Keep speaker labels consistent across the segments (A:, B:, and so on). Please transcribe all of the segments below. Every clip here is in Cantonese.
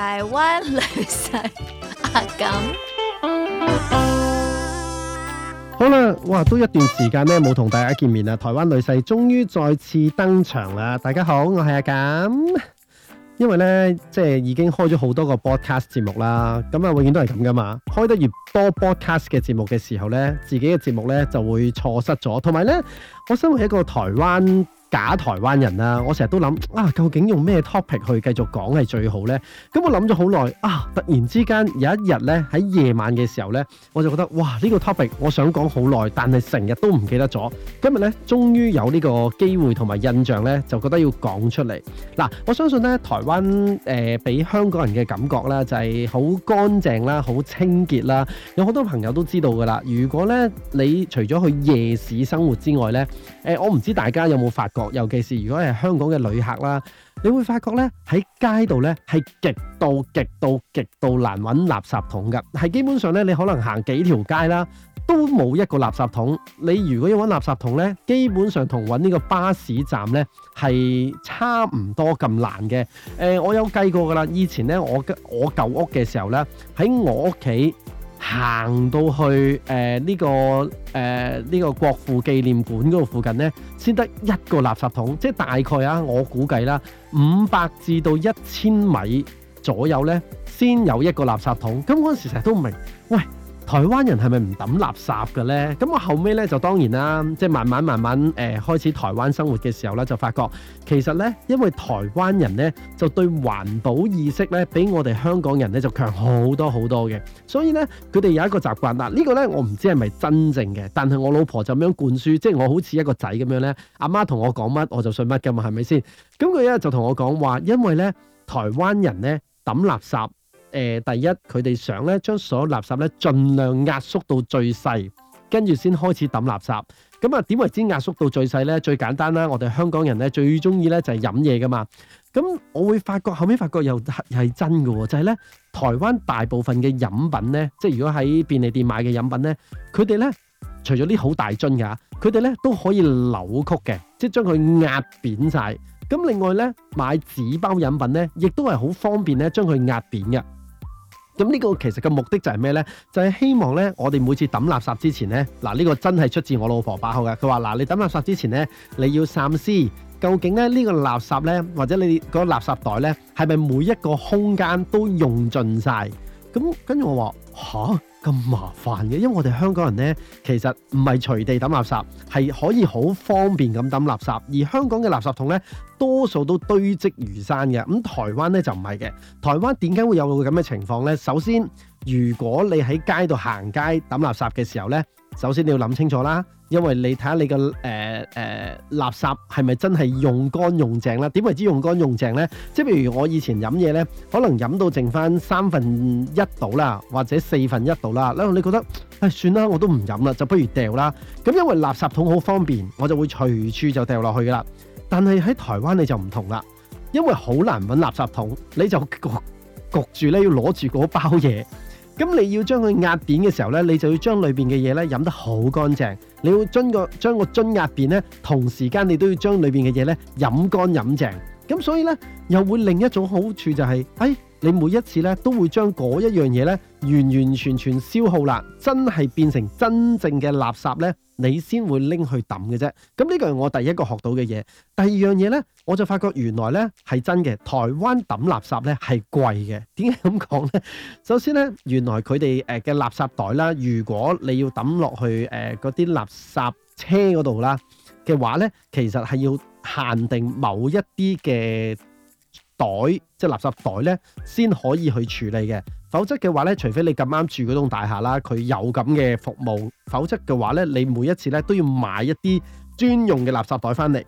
A: 台灣女婿阿錦，好啦，哇，都一段時間咧冇同大家見面啦。台灣女婿終於再次登場啦！大家好，我係阿錦。因為咧，即係已經開咗好多個 broadcast 節目啦，咁啊，永遠都係咁噶嘛。開得越多 broadcast 嘅節目嘅時候咧，自己嘅節目咧就會錯失咗。同埋咧，我身為一個台灣。假台灣人啦，啊，我成日都諗啊，究竟用咩 topic 去繼續講係最好呢？咁，嗯、我諗咗好耐啊，突然之間有一日呢，喺夜晚嘅時候呢，我就覺得哇呢，呢個 topic 我想講好耐，但係成日都唔記得咗。今日呢，終於有呢個機會同埋印象呢，就覺得要講出嚟嗱，啊。我相信呢，台灣誒畀，呃、香港人嘅感覺呢就係好乾淨啦，好清潔啦。有好多朋友都知道㗎喇。如果呢，你除咗去夜市生活之外呢，誒，呃、我唔知大家有冇發覺？尤其是如果係香港嘅旅客啦，你會發覺咧，喺街度咧係極度極度極度難揾垃圾桶噶係基本上咧，你可能行幾條街啦，都冇一個垃圾桶。你如果要揾垃圾桶咧，基本上同揾呢個巴士站咧係差唔多咁難嘅。誒、呃，我有計過噶啦，以前咧，我我舊屋嘅時候咧，喺我屋企。行到去誒呢、呃這個誒呢、呃這個國父紀念館嗰個附近呢，先得一個垃圾桶，即係大概啊，我估計啦，五百至到一千米左右呢，先有一個垃圾桶。咁嗰陣時，成日都唔明，喂。台灣人係咪唔抌垃圾嘅呢？咁我後尾呢，就當然啦，即係慢慢慢慢誒、呃、開始台灣生活嘅時候呢，就發覺其實呢，因為台灣人呢，就對環保意識呢，比我哋香港人呢，就強好多好多嘅。所以呢，佢哋有一個習慣嗱，呢、呢個呢，我唔知係咪真正嘅，但係我老婆就咁樣灌輸，即係我好似一個仔咁樣呢。阿媽同我講乜我就信乜㗎嘛，係咪先？咁佢呢，就同我講話，因為呢，台灣人呢，抌垃圾。誒、呃、第一，佢哋想咧將所有垃圾咧盡量壓縮到最細，跟住先開始抌垃圾。咁啊，點為之壓縮到最細咧？最簡單啦，我哋香港人咧最中意咧就係飲嘢噶嘛。咁我會發覺後尾發覺又係係真嘅喎、哦，就係、是、咧台灣大部分嘅飲品咧，即係如果喺便利店買嘅飲品咧，佢哋咧除咗啲好大樽㗎吓，佢哋咧都可以扭曲嘅，即係將佢壓扁晒。咁另外咧買紙包飲品咧，亦都係好方便咧將佢壓扁嘅。咁呢個其實嘅目的就係咩呢？就係希望呢，我哋每次抌垃圾之前呢，嗱，呢個真係出自我老婆把口嘅。佢話：「嗱，你抌垃圾之前呢，你要三思，究竟呢，呢個垃圾呢，或者你個垃圾袋呢，係咪每一個空間都用盡晒？」咁跟住我話吓，咁麻煩嘅，因為我哋香港人呢，其實唔係隨地抌垃圾，係可以好方便咁抌垃圾。而香港嘅垃圾桶呢，多數都堆積如山嘅。咁台灣呢，就唔係嘅。台灣點解會有個咁嘅情況呢？首先，如果你喺街度行街抌垃圾嘅時候呢。首先你要諗清楚啦，因為你睇下你嘅誒誒垃圾係咪真係用乾用淨咧？點為之用乾用淨呢？即係譬如我以前飲嘢呢，可能飲到剩翻三分一度啦，或者四分一度啦，你覺得唉算啦，我都唔飲啦，就不如掉啦。咁因為垃圾桶好方便，我就會隨處就掉落去噶啦。但係喺台灣你就唔同啦，因為好難揾垃圾桶，你就焗住呢，要攞住嗰包嘢。咁你要將佢壓扁嘅時候呢，你就要將裏邊嘅嘢呢飲得好乾淨。你要將個將個樽壓扁呢，同時間你都要將裏邊嘅嘢呢飲乾飲淨。咁所以呢，又會另一種好處就係、是，哎，你每一次呢都會將嗰一樣嘢呢完完全全消耗啦，真係變成真正嘅垃圾呢，你先會拎去抌嘅啫，咁呢個係我第一個學到嘅嘢。第二樣嘢咧，我就發覺原來咧係真嘅，台灣抌垃圾咧係貴嘅。點解咁講咧？首先咧，原來佢哋誒嘅垃圾袋啦，如果你要抌落去誒嗰啲垃圾車嗰度啦嘅話咧，其實係要限定某一啲嘅袋，即係垃圾袋咧，先可以去處理嘅。否則嘅話咧，除非你咁啱住嗰棟大廈啦，佢有咁嘅服務；否則嘅話咧，你每一次咧都要買一啲專用嘅垃圾袋翻嚟，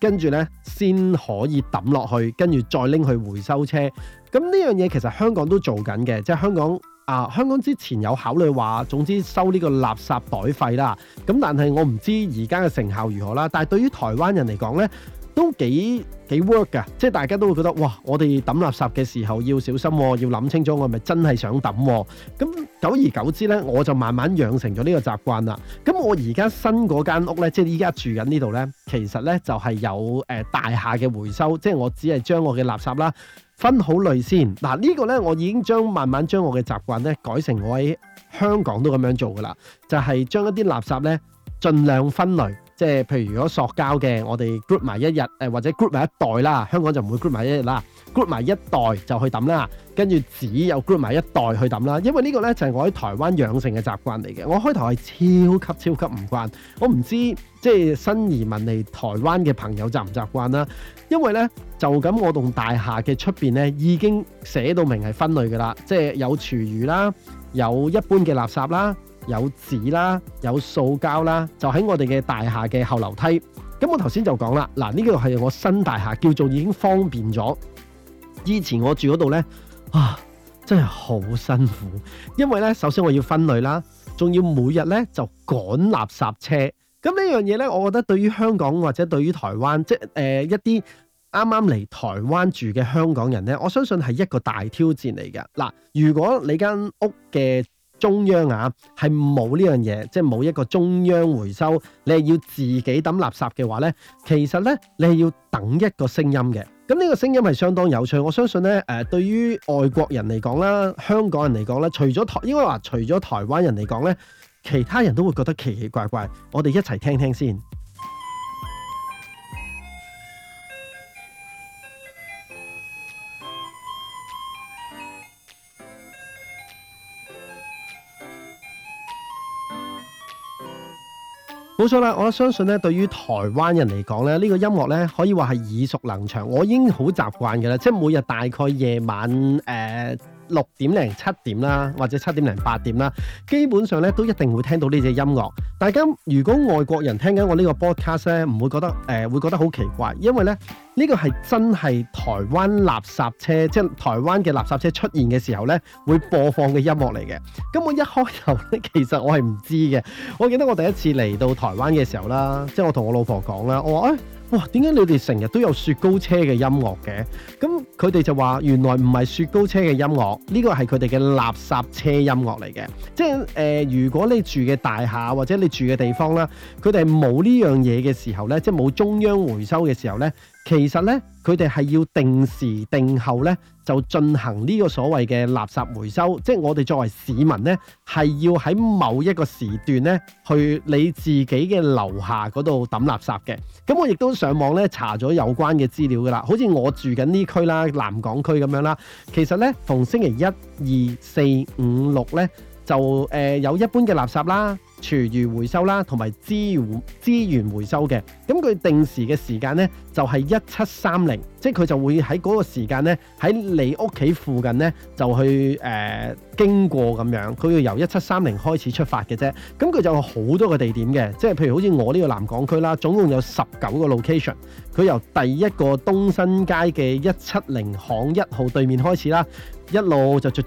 A: 跟住咧先可以抌落去，跟住再拎去回收車。咁呢樣嘢其實香港都做緊嘅，即係香港啊，香港之前有考慮話，總之收呢個垃圾袋費啦。咁但係我唔知而家嘅成效如何啦。但係對於台灣人嚟講咧，都幾幾 work 噶，即係大家都會覺得哇，我哋抌垃圾嘅時候要小心，哦，要諗清楚我是是，哦，我係咪真係想抌。咁久而久之呢，我就慢慢養成咗呢個習慣啦。咁我而家新嗰間屋呢，即係依家住緊呢度呢，其實呢就係，是，有誒、呃、大廈嘅回收，即係我只係將我嘅垃圾啦分好類先。嗱、啊、呢、這個呢，我已經將慢慢將我嘅習慣呢改成我喺香港都咁樣做噶啦，就係，是，將一啲垃圾呢盡量分類。即係譬如如果塑膠嘅，我哋 group 埋一日，誒、呃、或者 group 埋一袋啦。香港就唔會 group 埋一日啦，group 埋一袋就去抌啦。跟住紙又 group 埋一袋去抌啦。因為呢個呢，就係、是、我喺台灣養成嘅習慣嚟嘅。我開頭係超級超級唔慣，我唔知即係新移民嚟台灣嘅朋友習唔習慣啦。因為呢，就咁，我棟大廈嘅出邊呢已經寫到明係分類㗎啦，即係有廚餘啦，有一般嘅垃圾啦。有紙啦，有塑膠啦，就喺我哋嘅大廈嘅後樓梯。咁我頭先就講啦，嗱呢個係我新大廈，叫做已經方便咗。以前我住嗰度呢，啊真係好辛苦，因為呢，首先我要分類啦，仲要每日呢就趕垃圾車。咁呢樣嘢呢，我覺得對於香港或者對於台灣，即係、呃、一啲啱啱嚟台灣住嘅香港人呢，我相信係一個大挑戰嚟嘅。嗱，如果你間屋嘅中央啊，係冇呢樣嘢，即係冇一個中央回收，你係要自己抌垃圾嘅話呢，其實呢，你係要等一個聲音嘅。咁呢個聲音係相當有趣，我相信呢，誒、呃，對於外國人嚟講啦，香港人嚟講咧，除咗台，應該話除咗台灣人嚟講呢，其他人都會覺得奇奇怪怪。我哋一齊聽聽先。冇錯啦，我相信咧，對於台灣人嚟講咧，呢個音樂咧，可以話係耳熟能詳，我已經好習慣嘅啦，即係每日大概夜晚誒、呃六點零七點啦，或者七點零八點啦，基本上咧都一定會聽到呢隻音樂。大家如果外國人聽緊我呢個 podcast 咧，唔會覺得誒、呃、會覺得好奇怪，因為咧呢、呢個係真係台灣垃圾車，即係台灣嘅垃圾車出現嘅時候咧，會播放嘅音樂嚟嘅。咁我一開頭咧，其實我係唔知嘅。我記得我第一次嚟到台灣嘅時候啦，即係我同我老婆講啦，我話誒。哎哇，點解你哋成日都有雪糕車嘅音樂嘅？咁佢哋就話原來唔係雪糕車嘅音樂，呢個係佢哋嘅垃圾車音樂嚟嘅。即係誒、呃，如果你住嘅大廈或者你住嘅地方啦，佢哋冇呢樣嘢嘅時候咧，即係冇中央回收嘅時候咧。其實呢，佢哋係要定時定候呢，就進行呢個所謂嘅垃圾回收。即係我哋作為市民呢，係要喺某一個時段呢，去你自己嘅樓下嗰度抌垃圾嘅。咁我亦都上網呢查咗有關嘅資料㗎喇。好似我住緊呢區啦，南港區咁樣啦。其實呢，逢星期一、二、四、五、六呢，就誒、呃、有一般嘅垃圾啦。廚餘回收啦，同埋資源資源回收嘅。咁佢定時嘅時間呢，就係一七三零，即係佢就會喺嗰個時間呢，喺你屋企附近呢，就去誒。呃經過咁樣，佢要由一七三零開始出發嘅啫。咁佢就有好多個地點嘅，即係譬如好似我呢個南港區啦，總共有十九個 location。佢由第一個東新街嘅一七零巷一號對面開始啦，一路就就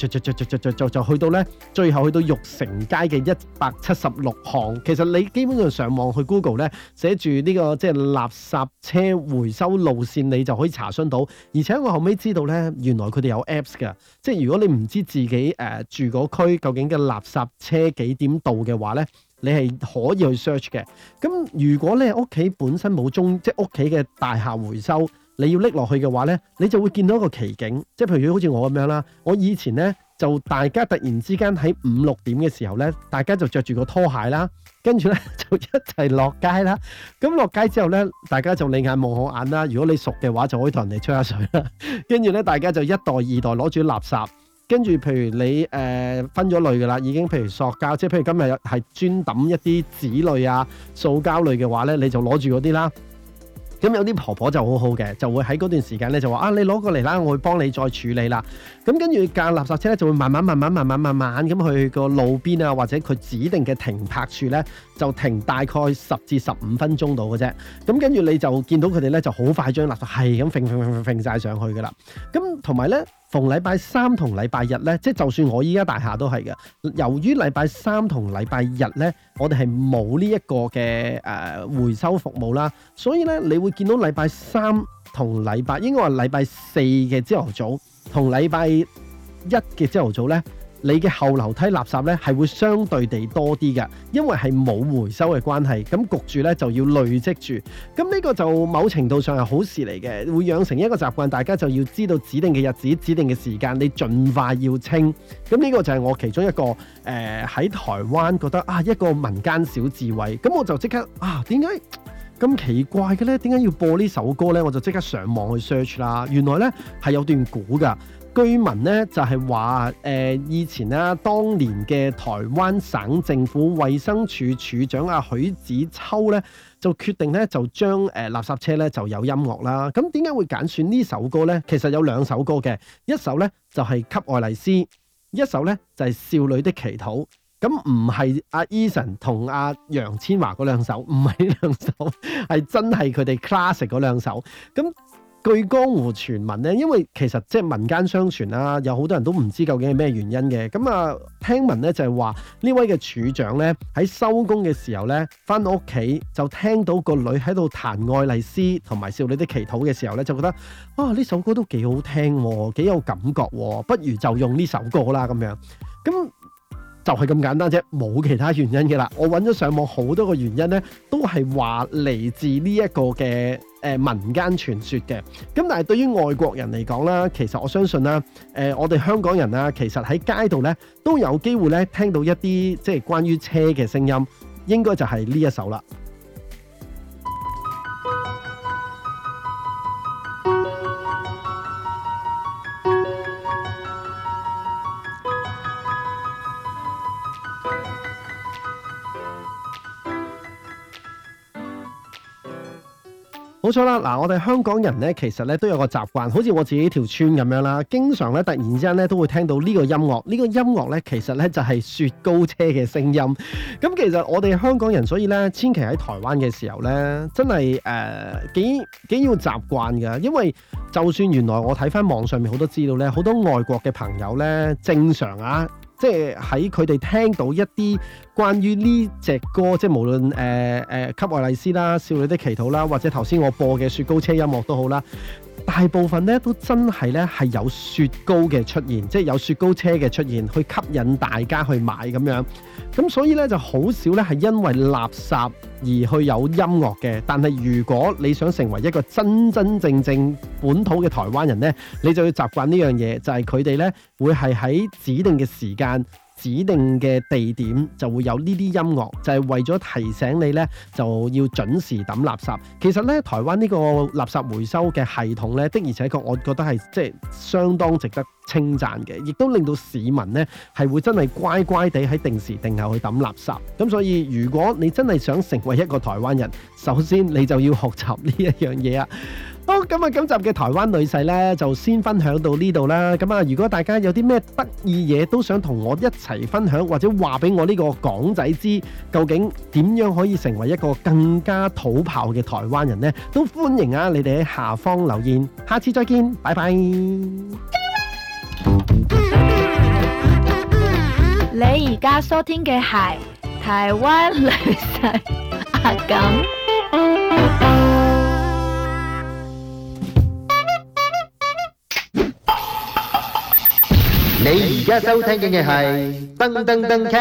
A: 去到呢，最後去到玉成街嘅一百七十六巷。其實你基本上上網去 Google 呢，寫住呢個即係垃圾車回收路線，你就可以查詢到。而且我後尾知道呢，原來佢哋有 apps 㗎，即係如果你唔知自己誒，住嗰區究竟嘅垃圾車幾點到嘅話呢？你係可以去 search 嘅。咁如果你屋企本身冇中，即係屋企嘅大廈回收，你要拎落去嘅話呢，你就會見到一個奇景。即係譬如好似我咁樣啦，我以前呢，就大家突然之間喺五六點嘅時候呢，大家就着住個拖鞋啦，跟住呢就一齊落街啦。咁落街之後呢，大家就你眼望我眼啦。如果你熟嘅話，就可以同人哋吹下水啦。跟住呢，大家就一袋二袋攞住垃圾。跟住，譬如你誒分咗類嘅啦，已經譬如塑膠，即係譬如今日係專抌一啲紙類啊、塑膠類嘅話咧，你就攞住嗰啲啦。咁有啲婆婆就好好嘅，就會喺嗰段時間咧就話啊，你攞過嚟啦，我會幫你再處理啦。咁跟住架垃圾車咧就會慢慢慢慢慢慢慢慢咁去個路邊啊，或者佢指定嘅停泊處咧，就停大概十至十五分鐘到嘅啫。咁跟住你就見到佢哋咧就好快將垃圾係咁揈揈揈揈揈晒上去嘅啦。咁同埋咧。逢禮拜三同禮拜日呢，即係就算我依家大廈都係嘅。由於禮拜三同禮拜日呢，我哋係冇呢一個嘅誒回收服務啦，所以呢，你會見到禮拜三同禮拜應該話禮拜四嘅朝頭早同禮拜一嘅朝頭早呢。你嘅後樓梯垃圾呢係會相對地多啲嘅，因為係冇回收嘅關係，咁焗住呢就要累積住。咁呢個就某程度上係好事嚟嘅，會養成一個習慣，大家就要知道指定嘅日子、指定嘅時間，你盡快要清。咁呢個就係我其中一個誒喺、呃、台灣覺得啊一個民間小智慧。咁我就即刻啊點解咁奇怪嘅呢？點解要播呢首歌呢？我就即刻上網去 search 啦。原來呢係有段古噶。據聞咧就係話誒以前啦，當年嘅台灣省政府衛生處處長阿、啊、許子秋咧就決定咧就將誒、呃、垃圾車咧就有音樂啦。咁點解會揀選呢首歌咧？其實有兩首歌嘅，一首咧就係、是《給愛麗絲》，一首咧就係、是《少女的祈禱》。咁、嗯、唔係阿、啊、Eason 同阿、啊、楊千嬅嗰兩首，唔係兩首，係 真係佢哋 classic 嗰兩首。咁、嗯據江湖傳聞咧，因為其實即係民間相傳啦，有好多人都唔知究竟係咩原因嘅。咁啊，聽聞咧就係、是、話呢位嘅處長咧喺收工嘅時候咧，返到屋企就聽到個女喺度彈愛麗絲同埋少女的祈禱嘅時候咧，就覺得啊呢、哦、首歌都幾好聽，幾有感覺喎，不如就用呢首歌啦咁樣。咁就係咁簡單啫，冇其他原因嘅啦。我揾咗上網好多個原因呢，都係話嚟自呢一個嘅誒民間傳說嘅。咁但係對於外國人嚟講啦，其實我相信啦，誒我哋香港人啊，其實喺街度呢，都有機會呢聽到一啲即係關於車嘅聲音，應該就係呢一首啦。啦，嗱、啊，我哋香港人咧，其實咧都有個習慣，好似我自己條村咁樣啦，經常咧突然之間咧都會聽到呢個音樂，呢、這個音樂咧其實咧就係、是、雪糕車嘅聲音。咁、嗯、其實我哋香港人，所以咧千祈喺台灣嘅時候咧，真係誒、呃、幾幾要習慣㗎，因為就算原來我睇返網上面好多資料咧，好多外國嘅朋友咧正常啊。即係喺佢哋聽到一啲關於呢隻歌，即係無論誒誒《給愛麗絲》呃、啦，《少女的祈禱》啦，或者頭先我播嘅雪糕車音樂都好啦。大部分呢都真係呢係有雪糕嘅出現，即係有雪糕車嘅出現去吸引大家去買咁樣。咁所以呢就好少呢係因為垃圾而去有音樂嘅。但係如果你想成為一個真真正正本土嘅台灣人呢，你就要習慣呢樣嘢，就係佢哋呢會係喺指定嘅時間，指定嘅地點就會有呢啲音樂，就係為咗提醒你呢，就要準時抌垃圾。其實呢，台灣呢個垃圾回收嘅系統呢，的而且確，我覺得係即係相當值得稱讚嘅，亦都令到市民呢係會真係乖乖地喺定時定候去抌垃圾。咁所以，如果你真係想成為一個台灣人，首先你就要學習呢一樣嘢啊！好，今日今集嘅台灣女婿呢，就先分享到呢度啦。咁啊，如果大家有啲咩得意嘢都想同我一齊分享，或者話俾我呢個港仔知，究竟點樣可以成為一個更加土炮嘅台灣人呢？都歡迎啊！你哋喺下方留言。下次再見，拜拜。你而家收聽嘅係台灣女婿阿剛。你而家收聽嘅係《噔噔噔車》。